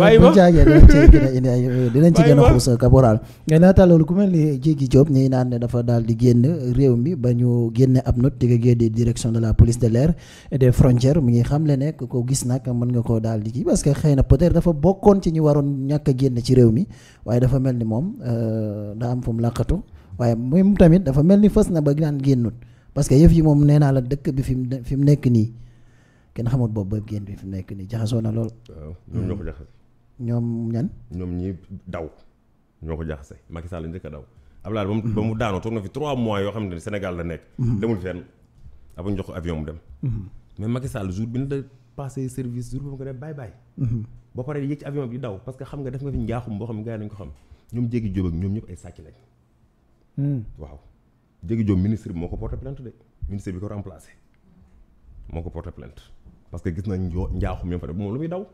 bàyyi ba caagee dinañ ci gën a indi ay dinañ ci gën a xuus caporal nga laata loolu ku mel ni Diégui Diop ñuy naan ne dafa daal di génn réew mi ba ñu génne ab note diggagee di direction de la police de l'air et des frontières mu ngi xam le ne ko gis nag mën nga koo daal di kii parce que xëy na peut-être dafa bokkoon ci ñu waroon ñàkk a génn ci réew mi waaye dafa mel ni moom euh, daa am fu mu làqatu waaye moom tamit dafa mel ni fës na ba naan génnut parce que yëf yi moom nee naa la dëkk bi fi mu fi mu nekk nii kenn xamul boobu ba génn bi fi mu nekk nii jaxasoo na lool. waaw ñoom ñoo ko jaxase. ñoom ñan. ñoom ñi daw ñoo ko jaxase Macky Sall njëkk daw. Abdoulaye ba mu ba mu mm-hmm. daanoo toog na fi trois mois yoo xam ne Sénégal la nekk. Mm-hmm. demul fenn ab ñu jox ko avion mu dem. Mm-hmm. mais Macky Sall jour bi la passé service jour bi mu ko def bàyyi bàyyi. ba pare yéeg ci avion bi daw parce que xam nga def nga fi njaaxum boo xam gaa gars yi nañu ko xam ñoom Jéggi Diop ak ñoom ñëpp ay sàcc lañ. Mm. waaw Jéggi Diop ministre bi moo ko porté plainte de bi ko remplacé. moo ko porté plainte parce que gis nañ njaaxum ñoom fa def moom lu muy daw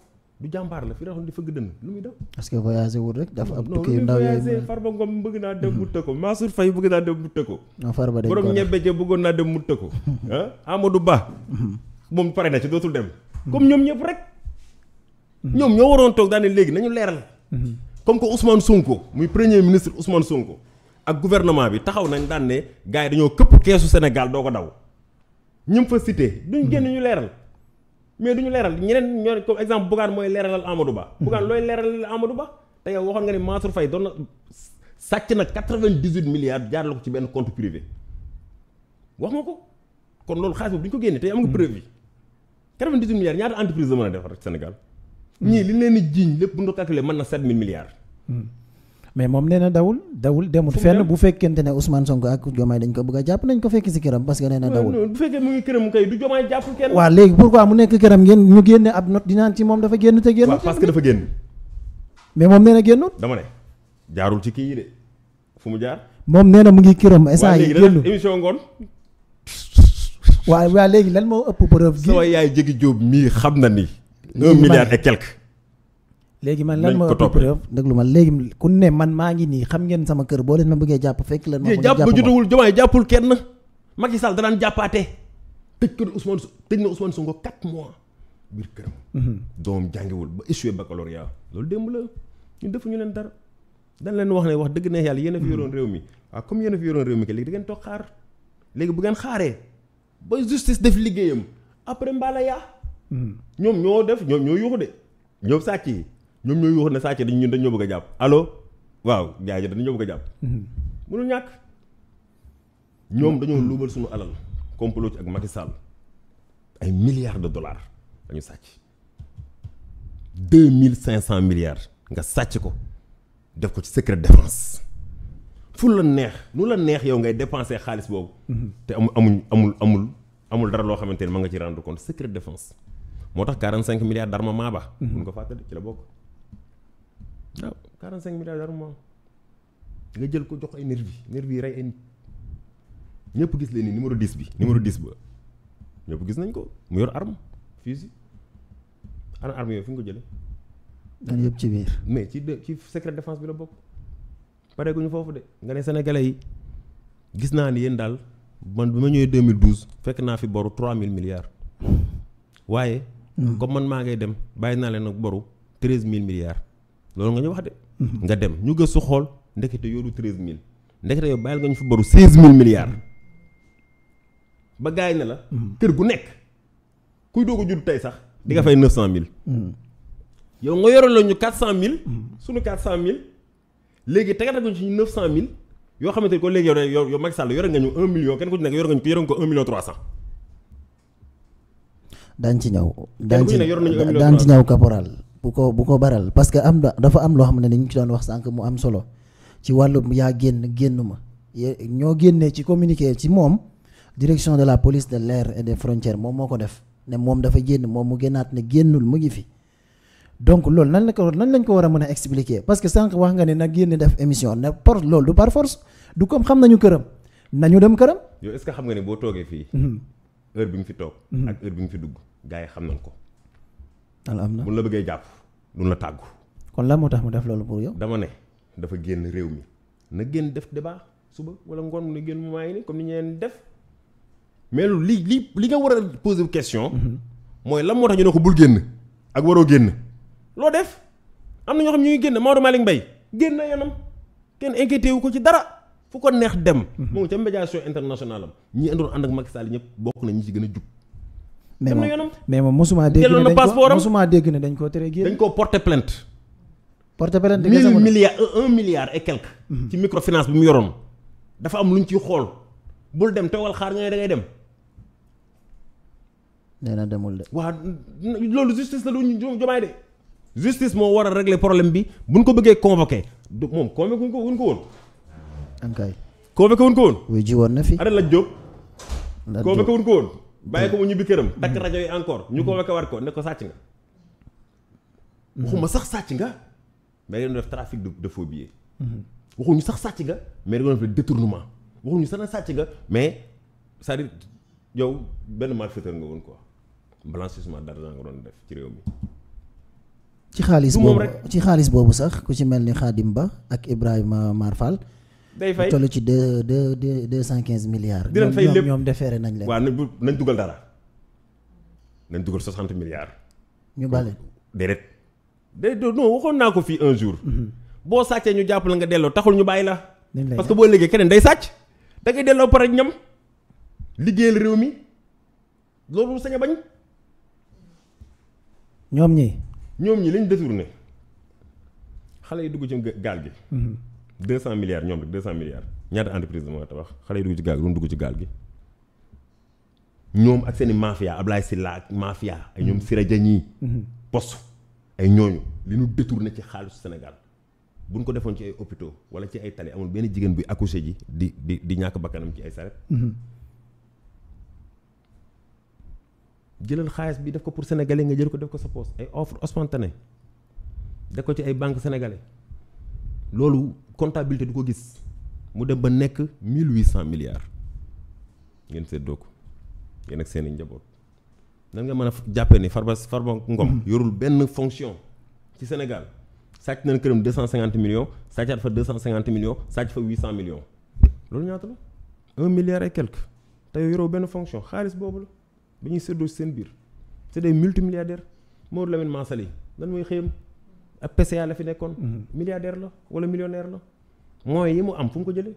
du jàmbaar la fi nga di fëgg dënn lu muy daw. parce que voyagé wul rek dafa am tukki ndaw yooyu Farba Ngom bëgg naa dem mu tëkko Mansour Faye bëgg naa dem mu tëkko. Farba dañ ko borom a ja bëggoon naa dem mu tëkko. Ah, Amadou Ba. moom pare na ci dootul dem. comme ñoom ñëpp rek. ñoom ñoo waroon toog daane léegi nañu leeral. comme que Ousmane Sonko muy premier ministre Ousmane Sonko ak gouvernement bi taxaw nañ daan ne gars yi dañoo këpp keesu Sénégal doo ko daw. ñum fa cité duñ génn hmm. ñu leeral mais du ñu leeral ñeneen ñoo comme exemple Bougane mooy leeralal Amadou Ba hmm. Bougane looy leeralal Amadou Ba te yow waxoon nga ne Mansour Faye doon na sàcc na quatre-vingt-dix-huit milliards jaar la ko ci benn compte privé wax nga ko kon loolu xaalis boobu duñ ko génnee te am nga hmm. preuve yi quatre-vingt-dix-huit milliards ñaata entreprise la mën a defar Sénégal ñii li leen di jiiñ lépp bu ñu calculer mën na set mille milliards mais moom nee na dawul dawul demul fenn bu fekkente ne Ousmane Sonko ak Diomaye dañ ko bëgg a jàpp nañ ko fekk si këram parce que nee na dawul bu fekkee mu ngi këram kay du Diomaye jàpp kenn waaw léegi pourquoi mu nekk moom dafa génn mais moom nee génnut dama ne jaarul ci kii yi de fu mu jaar moom nee na mu ngi këram instant yi génnu émission ngoon waaw waa léegi lan moo ëpp preuve gi sama yaay jégi jóob mii xam na ni un milliard et quelque léegi man lan moo preuve déglu ma léegi ku ne man maa ngi nii xam ngeen sama kër boo leen ma bëggee jàpp fekk leen ma ko jàpp ba jotawul jomaay jàppul kenn Macky Sall danaan jàppaate tëj ko Ousmane tëj na Ousmane mois biir këram mhm. doom jàngiwul ba échoué baccalauréat loolu démb la ñu defu leen dara dañ leen wax ne wax dëgg ne yàlla yéen a mhm. réew mi waaw ah, comme yéen a mi ke léegi da ngeen toog léegi bu ngeen xaaree ba justice def liggéeyam après mbaala yaa mhm. ñoom ñoo def ñoom ñoo yuuxu de ñoom sàcc yi ñoom ñooy wax ne sàcc dañ ñun dañ ñoo bëgg a jàpp allo waaw jaay dañ ñoo bëgg a jàpp mm-hmm. mënul ñàkk ñoom mm-hmm. dañoo luubal suñu alal complot ak Macky Sall ay milliards de dollars dañu sàcc deux mille cinq cent milliards nga sàcc ko def ko ci secret défense fu la neex lu la neex yow ngay dépenser xaalis boobu mm-hmm. te amul amuñ amul amul amul dara loo xamante ne ma nga ci rendre compte secret défense moo tax quarante cinq milliards d'armement ba mun ko fàttali ci la bokk waaw 45 milliards dara moom nga jël ko jox ay nervi nervi yi rey ay nit ñëpp gis leen ni numéro 10 bi numéro 10 ba ñëpp gis nañ ko mu yor arme fusil ana arme yooyu fi nga ko jëlee. ci mais ci de ci secret défense bi la bokk pare foofu de nga ne sénégalais yi gis naa ni yéen daal man bi ma ñëwee 2012 fekk naa fi boru 3000 milliards hmm. waaye. Hmm. comme man maa ngay dem bàyyi naa leen ak boru 13000 milliards. loolu nga ñu wax de. Mhm. nga dem ñu gëstu xool ndekete yow du 13000 ndekete yow bàyyil nga ñu fi baru 16000 milliards. ba gaay ne la. Mhm. kër gu nekk kuy doog a judd tey sax di nga mhm. fay 900000. yow nga yoroon la ñu 400000. sunu 400000 léegi tegataguñ ci 900000 yoo xamante ni ko léegi yow yow Macky Sall yore nga ñu 1 million kenn ku ci nekk yore nga ñu ko yore nga ko 1 million 300. daañu ci ñëw. daañu ci daañu ci ñëw caporal. bu ko bu ko baral parce que am na dafa am loo xam ne dañu ci doon wax sànq mu am solo ci wàllum yaa génn génn ma ñoo génnee ci communiqué ci moom direction de la police de l'air et des frontières moom moo ko def ne moom dafa génn moom mu génnaat ne génnul mu ngi fi donc loolu nan la ko nan lañ ko war a mën a expliquer parce que sànq wax nga ne na génn def émission ne por loolu du par force du comme xam nañu këram nañu dem këram. yow est-ce que xam nga ne boo toogee fii. Mhm. heure bi am na bu la bëggee jàpp duñ la tàggu. kon la moo tax mu def loolu pour yow. dama ne dafa génn réew mi na génn def débat suba wala ngoon mu ne génn moment yi nii comme ni ñu leen def mais lu li li li nga war a poser question. Mhm. mooy lan moo tax ñu ne ko bul génn ak waroo génn. loo def am na ñoo xam ñu ngi génn Maodo Malick Mbaye génn na yoonam kenn inquiété wu ko ci dara. fu ko neex dem. moom ca médiation internationale am ñi andoon ànd ak Macky Sall ñëpp bokk na ñi ci gën a jub. dem na yoonam mais moom mosuma dégg ne dañ ko mosuma dégg ne dañ koo tere génn dañ koo porté plainte porté plainte mille milliard euh, un milliard et quelque mhm. ci microfinance bi mu yoroon dafa am lu ñu ciy xool bul dem toogal xaar nga ne da dem nee na demul de waaw loolu justice la du jomaay de justice moo war a régler problème bi buñ ko bëggee convoqué du moom convoqué wuñ ko wuñ ko woon ankay convoqué wuñ ko woon wuy ji na fi ana la jóg convoqué wuñ ko woon bàyyi ko mu ñibbi këram mm. takk rajo yi encore ñu ko wekk war ko ne ko sàcc nga mm. waxuma sax sàcc nga mais dañu def trafic de faux billets mm-hmm. waxuñu sax sàcc nga mais dañu def détournement waxuñu sax sàcc nga mais c'est-à-dire yow benn malfaiteur nga woon quoi blanchissement d'argent nga doon def ci réew mi ci xaalis boobu ci xaalis boobu sax ku ci mel ni xaadim Ba ak Ibrahima Marfal day fay toll ci deux deux deux deux cent quinze milliards. di leen fay lépp nañ leen. waaw dugal dara nañ dugal soixante milliards. ñu bale déedéet. déedéet non waxoon naa ko fii un jour. Mhm. boo sàccee ñu jàpp la nga delloo taxul ñu bàyyi la. parce que boo liggéey keneen day sàcc. da ngay delloo pare ñam liggéeyal réew mi loolu sañ bañ. ñoom ñi ñoom ñi lañ détourné xale yi dugg ci gaal bi deux cent milliards ñoom rek deux cent milliards ñaata entreprise moo tabax xale yi dugg ci gaal gi doon dugg ci gaal gi ñoom ak seen i mafia Ablaye Sylla ak mafia ay ñoom Sira Diagne poste ay ñooñu li ñu na ci xaalisu senegal bu ñu ko defoon ci ay hôpitaux wala ci ay tali amul benn jigéen buy accouché ji di di di ñàkk bakkanam ci ay saret mhm. jëlal xaalis bi def ko pour sénégalais nga jël ko def ko sa poste ay offre spontanée def ko ci ay banque sénégalais loolu comptabilité du ko gis mu dem ba nekk mille huit cent milliards ngeen séddoo ko yéen ak seen i njaboot nan nga mën a jàppee ni far Farba Ngom hmm. yorul benn fonction ci Sénégal sàcc nañ këram deux cent cinquante millions sàccaat fa deux cent cinquante millions sàcc fa huit cent millions loolu ñaata la un milliard et quelque te yow benn fonction xaalis boobu la ba ñuy séddoo ci seen biir c'est des multimilliardaires Maodo Lamine Mansali lan mooy xëyam ab PCA la fi nekkoon. Mhm. milliardaire la wala millionnaire la. moyens yi mu am fu mu ko jëlee.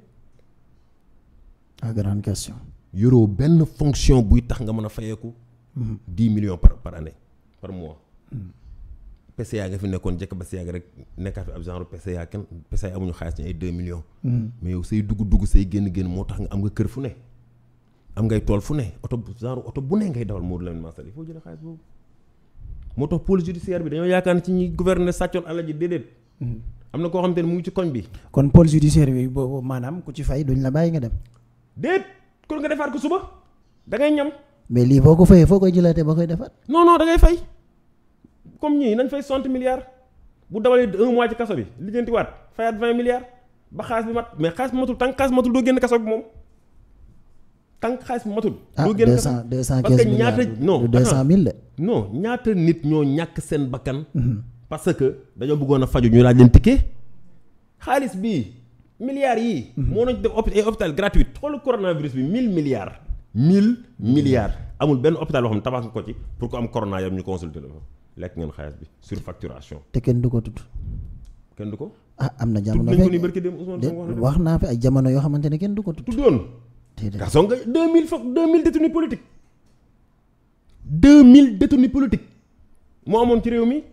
ah grande question. yoroo benn fonction buy tax nga mën a fayeeku. Mhm. dix millions par par année par mois. Mhm. PCA nga fi nekkoon jëkk ba si yàgg rek nekka fi ab genre PCA kenn PCA amuñu xaalis ñu ay deux millions. mais yow say dugg dugg say génn génn moo tax nga am nga kër fu ne. am ngay tool fu ne oto genre oto bu ne ngay dawal Modou Lamine Massal il faut jëlee moo tax pol judiciaire bi dañoo yaakaar ne ci ñuy gouverner sàccoon alal ji déedéet. Mm-hmm. am na koo xam te ne mu ngi ci koñ bi. kon police judiciaire bi boobu maanaam ku ci fay duñ la bàyyi nga dem. déet kon nga defaat ko suba da ngay ñam. mais lii boo ko fayee foo koy jëlaatee ba koy defaat. non non da ngay fay comme ñii nañ fay soixante milliards bu dawalee un mois ci kaso bi lijjantiwaat fayaat vingt milliards ba xaalis bi mat mais xaalis bi matul tànk xaalis bi matul doo génn moom. tant que xaalis matul. ah deux cent deux cent quinze milliards parce que ñaata nit ñoo ñàkk seen bakkan. Mhm. parce que dañoo bëggoon a faju ñu laaj leen xaalis bii milliards yii. Mhm. moo nañ def ay eh, hôpital mille milliards. mille mhm. milliards amul benn hôpital boo ko ci pour ko am corona yam ñu consulter la te kenn du ko tudd. kenn du ko. ah am na jamono. tudd nañ ko wax naa fi ay jamono yoo xamante ne kenn du ko tudd. tuddoon. kaso nga deux mille fo deux mille détenus politiques deux mille détenus politiques moo amoon ci réew mi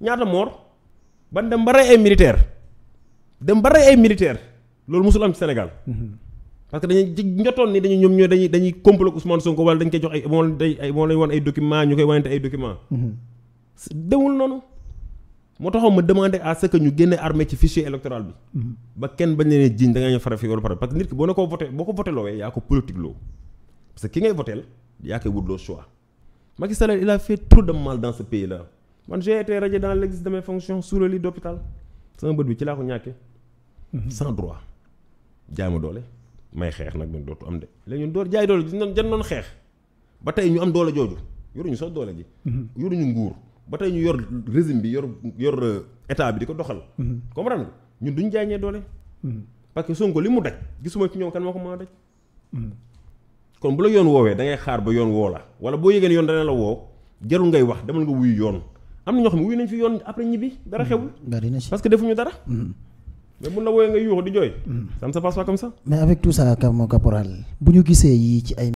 ñaata moor ban dem ba rey ay militaire dem ba rey ay militaire loolu mosul am ci Sénégal mm-hmm. parce que dañuy njotoon ni dañuy ñoom ñooy dañuy dañuy complot Ousmane Sonko wala dañ koy jox ay moo day moo lay wan ay documents ñu koy wanante ay documents mm-hmm. demul noonu moo taxoon ma demandé à ce ñu génne armée ci fichier électoral bi. Mm-hmm. ba kenn bañ leen jiiñ da nga ñu fara fi wala pare parce que nit ki boo ne ko voté boo ko voté loowee yaa ko politique loo parce que ki ngay voté yaa koy wut loo choix. Macky il a fait trop de mal dans ce pays là man j'ai été radié dans l'exercice de mes fonctions sous le lit d'hôpital sama bët bi ci laa ko ñàkkee. Mm-hmm. sans droit jaay ma doole may xeex nag ñun dootu am de léegi ñun door jaay doole ji ñu doon xeex ba ñu am doole jooju yoruñu sax doole ji. Mm-hmm. yoruñu nguur. ba tey ñu yor régime bi yor yor euh, état bi di ko doxal. Mm-hmm. comprendre nga ñun duñ jaañee doole. Mm-hmm. parce que Sonko li mu daj gisuma ci ñoom kan moo ko mën a daj. Mm-hmm. kon bu la yoon woowee da ngay xaar ba yoon woo la wala boo yëgee yoon dana la woo jarul ngay wax demal nga wuyu yoon am na ñoo xam ne wuyu nañ fi yoon après ñibbi dara xewul. parce que ñu dara. mais mun na wooyee nga yuuxu di jooy. ça ne se passe pas comme ça. mais avec tout ça mon bu ñu gisee yii ci ay.